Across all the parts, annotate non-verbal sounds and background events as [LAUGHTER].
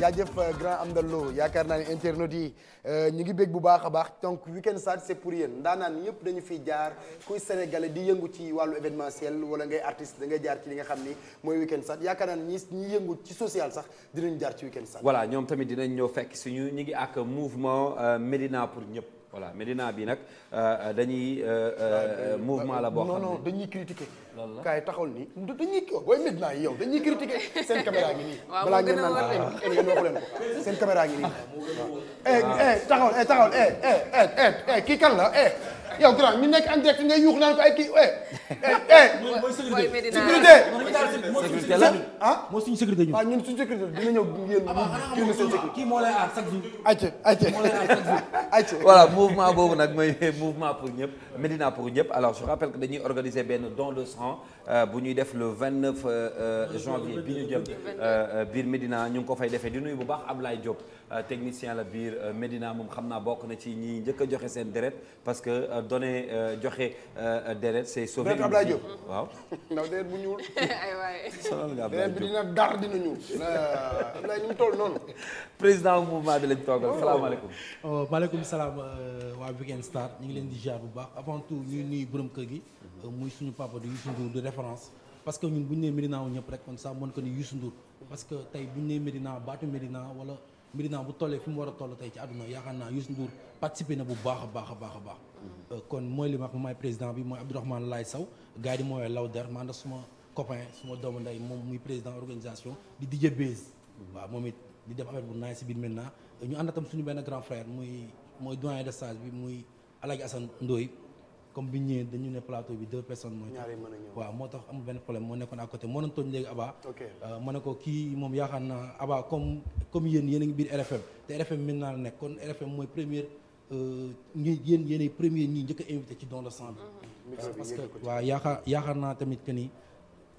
jaajëf euh, grand Amndal Lo yaakaar naa ne internautes yi euh, ñu ngi bég bu baax a baax donc Weekend Stars c'est pour yéen ndaanaan ñëpp dañu fiy jaar kuy sénégalais di yëngu ci wàllu événementiel wala ngay artiste da ngay jaar ci li nga xam ni mooy Weekend Stars yaakaar naa ne ñi ñi yëngu ci social sax dinañ jaar ci Weekend Stars voilà ñoom tamit dinañ ñëw fekk suñu ñu ngi ak mouvement euh, Médina pour ñëpp voilà Medina bi nag euh, euh, dañuy. Euh, mouvement la boo xam ne non non dañuy critiquer. loolu kaay taxawal nii dañuy kii booy Medina yi yow dañuy critiquer seen caméra ngi nii. [LAUGHS] waaw balaa ngeen naan yéen waxu leen [LAUGHS] ngi nii. waaw eh, eh, taxawal eh, taxawal kii kan yow grand ñu nekk en direct nga yuux naan ko ay kii eh. eh, eh. sécurité sécurité la ah. mooy suñu sécurité ñun. waaw ah, ñun suñu sécurité dina ñëw yéen ñu ah, ah, seen sécurité. kii moo lay aar chaque jour. ayca ayca moo lay aar chaque jour. ayca [LAUGHS] voilà mouvement boobu nag mooy [LAUGHS] mouvement pour ñëpp Médina pour ñëpp alors je rappelle que dañuy organiser benn don de sang euh, bu ñuy def le 29 euh, euh, janvier bi ñu jëm biir Médina ñu ngi ko fay defee di nuyu bu baax Ablaye Diop technicien la biir Médina moom xam naa bokk na ci ñi njëkk a joxe seen deret parce que. donné euh, joxe euh, euh, deret c'est sauvé. deret Ablaye Diop waaw. [LAUGHS] ndax deret bu ñuul. [LAUGHS] aywaay sonal nga Ablaye Diop deret bi dina dar dina ñuul. Ablaye ñu mu toll noonu. président mouvement bi lañ toogal oh. salaamaaleykum. Oh, maaleykum salaam waa Weekend Star ñu ngi leen di jaar bu baax avant tout ñuy nuyu borom kër gi. muy suñu papa di Youssou Ndour de référence. parce que ñun bu ñu nee Médina wu ñëpp rek kon ça mën ko ni Youssou Ndour. parce que tey bu nee Médina baatu Médina wala. Médina bu tollee fi war a toll tey ci àdduna yaakaar naa Youssou Ndour participé na bu baax a baax a baax baax. Euh, kon mooy li ma wax président bi mooy Abdourahmane Laye Sow gars yi di mooy Lawder man da suma copain suma doomu ndey moom muy président organisation di DJ Bez. waaw moom it di def affaire bu naaj si biir maintenant ñu ànd tam suñu benn grand frère muy doyen de stage bi muy Alaaji Assane Ndoye comme bi ñëwee dañu ne plateau bi deux personnes comme yéen yéen a ngi biir RFM te RFM maintenant la nekk kon RFM mooy première euh, ñi yéen premier ñi njëkk invité ci don de sang parce que waaw yaakaar yaakaar naa tamit ni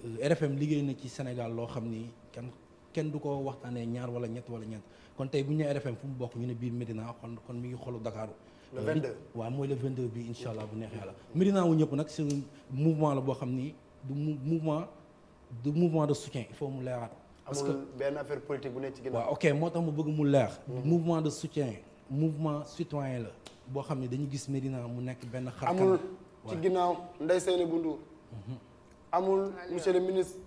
euh, RFM liggéey na ci Sénégal loo xam ni kenn kenn du ko waxtaanee ñaar wala ñett wala ñett kon tey bu fu mu bokk ñu ne biir Médina kon kon mi ngi xolu Dakaaru le 22 euh, waaw bi incha allah bu neexee yàlla Médina wu ñëpp nag c'est un mouvement la boo xam ni du mouvement du mouvement de soutien il faut mu leeraat parce que amul benn affaire politique bu nekk ci ginnaaw. waaw ok tax mu bëgg mu leer. mouvement de soutien mouvement citoyen la. boo xam ne dañu gis Médina mu nekk benn. xarkan amul ci ginnaaw Ndeye mhm. amul monsieur le ministre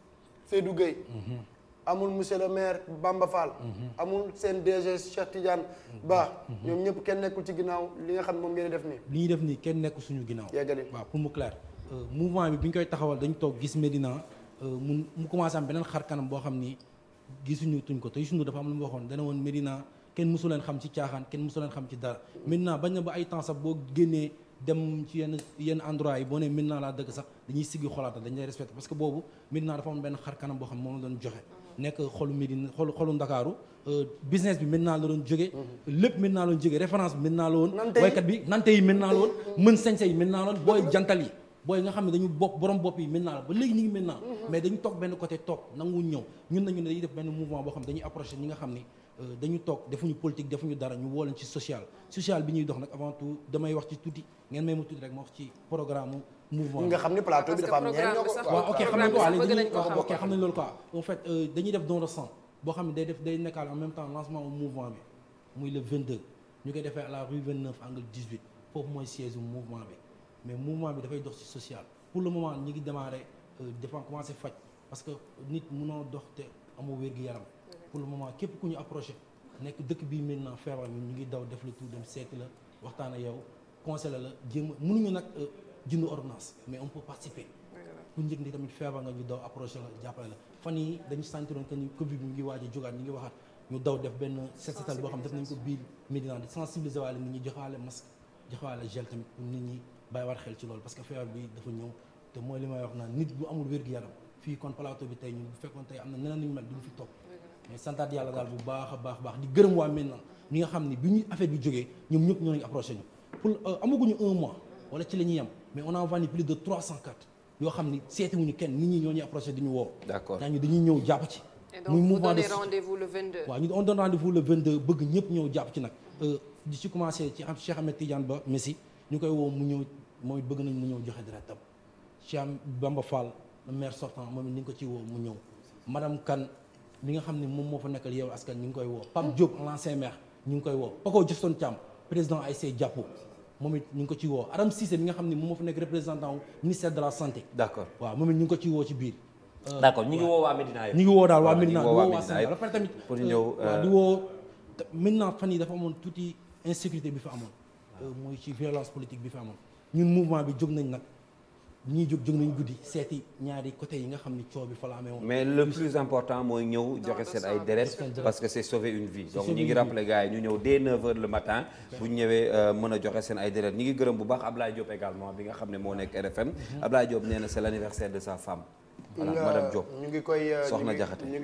Seydou Gueye. Mhm. amul monsieur le maire Bamba Fall. Mhm. amul seen DG Cheikh Tidiane Ba. ñoom ñëpp kenn nekkul ci ginnaaw li nga xam moom ngeen def nii. li ñu def nii kenn nekkul suñu ginnaaw. yeggali waaw pour mu clair. Euh, mouvement bi ñu koy taxawal dañu toog gis Médina. Euh, mun mu commencé am beneen xar kanam boo xam ni gisuñu tuñ ko te Youssou Ndour dafa am lu mu waxoon dana woon kenn mosu xam ci caaxaan kenn mosu xam ci dara maintenant bañ na ba ay temps boo génnee dem ci yenn endroit yi boo nee Medina dafa am benn xar kanam boo xam moom la doon joxe nekk xolu Medina euh, la doon jógee mhm. lépp Medina la doon référence bi Medina la waykat bi nante yi Medina la mhm. mën sañse yi Medina la booy [LAUGHS] jantal yi booy nga xam mais dañu toog benn côté toog nangu ñëw ñun nañu ne dañuy def benn mouvement boo xam dañuy approché ñi nga xam ni euh, dañu toog dara ñu woo ci social social bi ñuy dox nag avant tout damay wax ci tuuti ngeen may ma tuuti rek ma wax ci programme mouvement bi dafa am ñeen ñoo ko waaw xam nañ ko waaw léegi euh, def don de sang boo xam ne day def day nekkaal en même temps lancement mouvement bi muy le ñu koy defee à la rue 29 foofu Euh, dépend commencé faj parce que nit mënoo dox te amoo wér-gu-yaram pour le moment képp ku ñu approché nekk dëkk bii maintenant feebar ñun ñu ngi daw def la tout dem seeti la waxtaan ak yow conseillé la jéem nu ñu nag euh, jënd ordonnance mais on peut participer ku njëkk ni tamit feebar nga ñu daw approché la jàppale la fan yi dañu sentiroon que ni Covid bi mu ngi waaj a jógaat ñu ngi waxaat ñu daw def benn set setal boo xam def nañ ko biir Médina di sensibiliser waale nit ñi joxaale masque joxaale gel tamit pour nit ñi bàyyiwaat xel ci loolu parce que feebar bi dafa ñëw te mooy li may wax naan nit bu amul wér-gu-yaram fii kon plateau bi tey ñun bu fekkoon tey am na neneen ñu mel duñu fi topp mais santaat yàlla daal bu baax a baax baax di gërëm waa maintenant ñi nga xam ne bi ñu affaire bi jógee ñoom ñëpp ñoo nañu approché ñu pour euh, amaguñu un mois wala ci la ñuy yem mais on a vendu plus de 300 cartes yoo xam ni seetiwuñu kenn nit ñi ñoo ñuy approché di ñu woo d'accord dañuy ñëw jàpp ci muy mouvement de rendez-vous le 22 waaw ñu on donne rendez-vous le 22 bëgg ñëpp ñëw jàpp ci nag euh, di ci commencé ci Cheikh Ahmed Tidiane Ba Messi ñu koy woo mu ñëw mooy bëgg nañ mu ñëw joxe dara tam Cheikh Bamba Fall le maire sortant moom it ni nga ko ci woo mu ñëw madame Kane mi nga xam ni moom moo fa nekkal yow askan ñu ngi koy woo Pape Diop l'ancien maire ñu ngi koy woo Paco Juston Thiam président ASC Jàppo moom it ñu ko ci woo Adam Cissé mi nga xam ne moom moo fa nekk représentant ministère de la santé d'accord waaw moom it ñu ngi ko ci woo ci biir euh, d'accord ñu ngi dafa amoon tuuti insécurité bi fa amoon euh, mooy ci violence politique bi fa amoon ñun mouvement bi jóg nañ nag ñii jóg jóg nañu guddi seeti ñaari côté yi nga xam ni coow bi fa la mais le plus important mooy ñëw joxe seen ay deret parce que c'est sauver une vie donc ñi ngi rappelé gars yi ñu ñëw dès 9h le matin bu ñu ñëwee euh, mën a joxe seen ay deret ñi ngi gërëm bu baax Ablaye Diop également bi nga xam ne moo nekk RFM mm-hmm. Ablaye Diop nee na c'est l'anniversaire de sa femme voilà madame Diop ñu ngi koy euh, soxna Jaxate ñu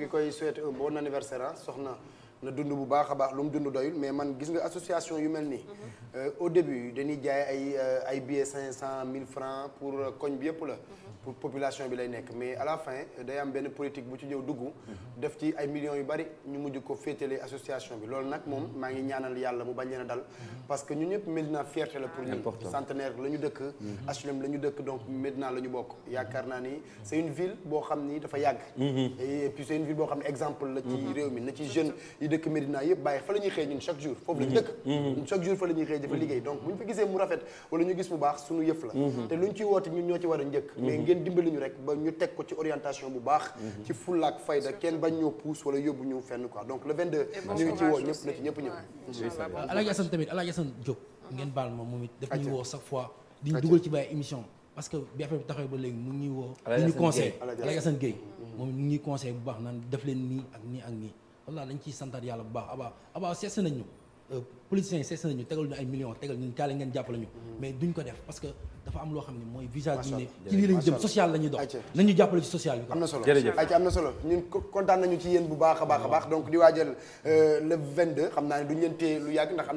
ngi anniversaire soxna na dund bu baax a baax lu mu dund doyul mais man gis nga association yu mel ni nii. Mhm. Euh, au début dañuy jaay ay euh, ay cinq cent 1000 francs pour euh, koñ bi yëpp la. Mhm. pour population bi lay nekk mais à la fin day am benn politique bu ci ñëw dugg. Mhm. def ci ay millions yu bari ñu mujj ko féetale association bi loolu nag moom maa ngi ñaanal yàlla mu bañ leen a dal. Mhm. parce que ñun ñëpp Médina fierté la pour ñun. centenaire la ñu dëkk. HLM la ñu dëkk donc Médina la ñu bokk yaakaar naa ni mhm. c'est une boo xam ni dafa yàgg. et puis c'est une boo xam ne exemple la ci réew mi na ci jeune yi dëkk Médina yëpp bàyyi fa la ñuy xëy ñun chaque jour foofu la ñu dëkk. chaque ngeen dimbali ñu rek ba ñu teg ko ci orientation bu baax mhm. ci fullaak fayda kenn bañ ñoo puus wala yóbbu ñu fenn quoi donc le 22 ñu ci woo ñëpp na ci tamit Alaaji Assane ngeen baal ma moom it daf ñuy woo chaque fois di dugal ci bàyyi émission parce que bi affaire bi taxawee ba léegi mu ñuy woo di ñu conseil bu baax naan def leen nii ak nii ak nii wallaa dañ ciy santaat yàlla bu baax abaa abaa seet nañ ñu Euh, politiciens yi sees nañu tegal ñu ay millions tegal ñu kaale ngeen jàppale ñu mm-hmm. mais duñ ko def parce que dafa am loo xam ne mooy visage ñu ne ci lañu jëm social la dox nañu jàppale ci social bi quoi am na solo am na solo ñun kontaan nañu ci yéen bu baax a baax a baax donc di waajal euh, le xam naa ne duñ leen lu yàgg ndax